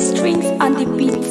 strings on the beat.